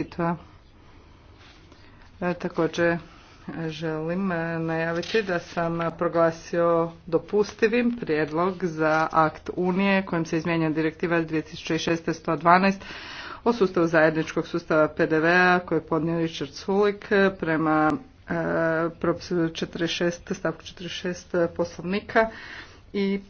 Litva. E, također želim e, najaviti da sam proglasio dopustivim prijedlog za akt Unije kojim se izmjenja direktiva 2016 112 o sustavu zajedničkog sustava PDV-a koji je podnio Richard Sulik prema e, 46, stavku 46 poslovnika i